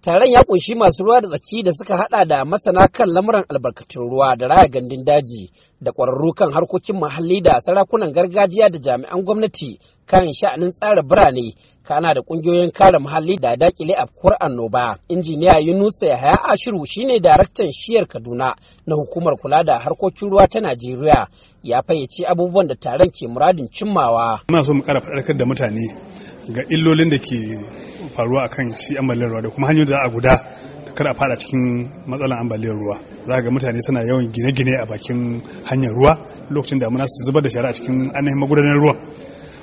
taron ya kunshi masu ruwa da tsaki da suka hada da masana kan lamuran albarkatun ruwa da raya gandun daji da ƙwararru kan harkokin muhalli da sarakunan gargajiya da jami'an gwamnati kan sha'anin tsara birane kana da ƙungiyoyin kare muhalli da dakile afkuwar annoba injiniya yunusa yahaya ashiru shine daraktan shiyar kaduna na hukumar kula da harkokin ruwa ta najeriya ya fayyace abubuwan da taron ke muradin cimmawa Ina so mu kara faɗakar da mutane ga illolin da ke faruwa akan shi ambaliyar ruwa da kuma hanyoyin da za a guda kar a fada cikin matsalan ambaliyar ruwa za ga mutane suna yawan gine-gine a bakin hanyar ruwa lokacin da muna su zubar da shara a cikin ainihin magudanar ruwa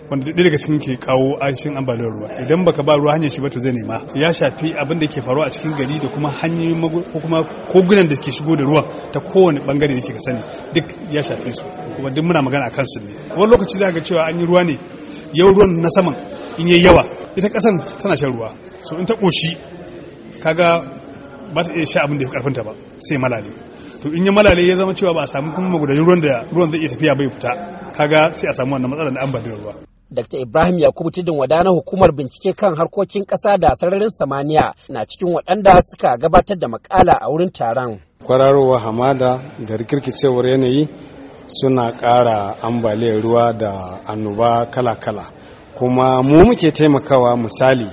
wanda ɗaya daga cikin ke kawo aishin ambaliyar ruwa idan baka ba ruwa hanyar shi ba to zai nema ya shafi abin da ke faruwa a cikin gari da kuma hanyoyin ko kuma kogunan da ke shigo da ruwa ta kowane bangare da ke ka sani duk ya shafi su kuma duk muna magana a kansu ne wani lokaci za ga cewa an yi ruwa ne yau ruwan na saman in yayi yawa ita kasan tana shan ruwa so in ta koshi kaga ba ta iya sha abin da ya karfinta ba sai malale to in ya malale ya zama cewa ba a samu kuma magudanin ruwan da ruwan zai iya tafiya bai fita kaga sai a samu wannan matsalar da ambaliyar ruwa Dr. Ibrahim Yakubu Tudun wada na hukumar bincike kan harkokin ƙasa da sararin samaniya na cikin waɗanda suka gabatar da makala a wurin taron. Kwararowa hamada da rikirkicewar yanayi suna ƙara ambaliyar ruwa da annoba kala-kala. kuma mu muke taimakawa misali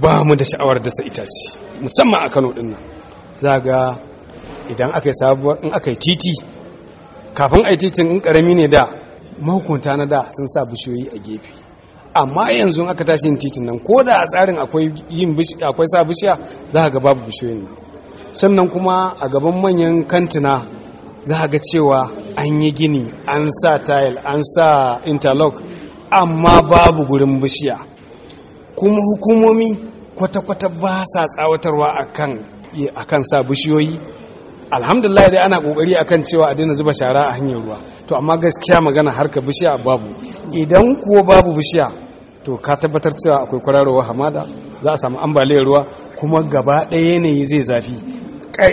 ba mu da sha'awar dasa itace musamman a kano dinnan za ga idan aka yi sabuwar in aka yi titi kafin a yi titin in karami ne da mahukunta na da sun sa bishiyoyi a gefe amma yanzu aka tashi yin titin nan ko da a tsarin akwai yin akwai sa bishiya za ga babu bishiyoyin nan sannan kuma a gaban manyan kantina za ga cewa an yi gini an sa tile an sa interlock amma babu gurin bishiya kuma hukumomi kwata-kwata ba sa tsawatarwa a kan sa bishiyoyi alhamdulillah dai ana kokari akan cewa a daina zuba shara a hanyar ruwa to amma gaskiya magana harka bishiya babu idan kuwa babu bishiya to ka tabbatar cewa akwai kwararowar hamada za a samu ambaliyar ruwa kuma gaba ɗaya yanayi zai zafi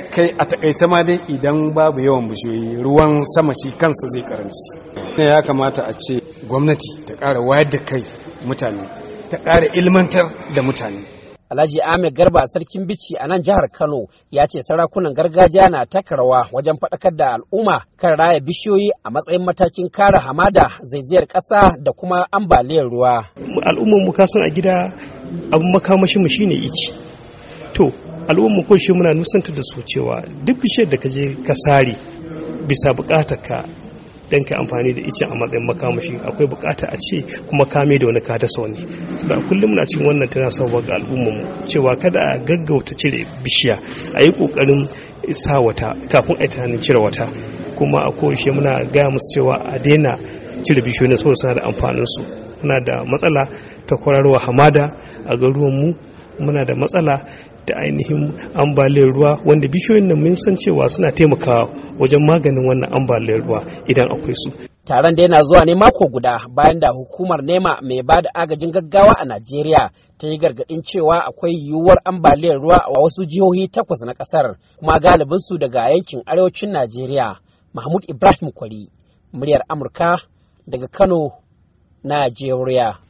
kai a takaice ma dai idan babu yawan bishiyoyi ruwan sama shi kansa zai karanci ya kamata a ce gwamnati ta ƙara wayar da kai mutane ta ƙara ilmantar da mutane Alhaji Ahmed Garba sarkin bici a nan jihar Kano ya ce sarakunan gargajiya na takarwa wajen faɗakar da al'umma kan raya bishiyoyi a matsayin matakin kara hamada zaizayar ƙasa da kuma ambaliyar ruwa. Al'ummar mu kasan a gida abin makamashi mu shine ichi. To al'ummar mu ko shi muna nusantar da su cewa duk bishiyar da ka je ka sare bisa buƙatar ka dan ka amfani da icen a matsayin makamashi akwai bukata a ce kuma kame da wani kada sau ne da kullum muna cikin wannan tana sauwa ga al'ummar mu cewa kada a gaggauta cire bishiya a yi kokarin sa wata kafin a tunanin cire wata kuma a koyaushe muna gaya musu cewa a daina cire bishiyoyin saboda suna da amfanin su muna da matsala ta kwararwa hamada a garuwan mu muna da matsala da ainihin ambaliyar ruwa wanda bishiyoyin nan mun san cewa suna taimakawa wajen maganin wannan ambaliyar ruwa idan akwai su taron da yana zuwa ne mako guda bayan da hukumar nema mai ba da agajin gaggawa a najeriya ta yi gargaɗin cewa akwai yiwuwar ambaliyar ruwa a wasu jihohi takwas na ƙasar, kuma galibin su daga yankin arewacin najeriya mahmud ibrahim kwari muryar amurka daga kano najeriya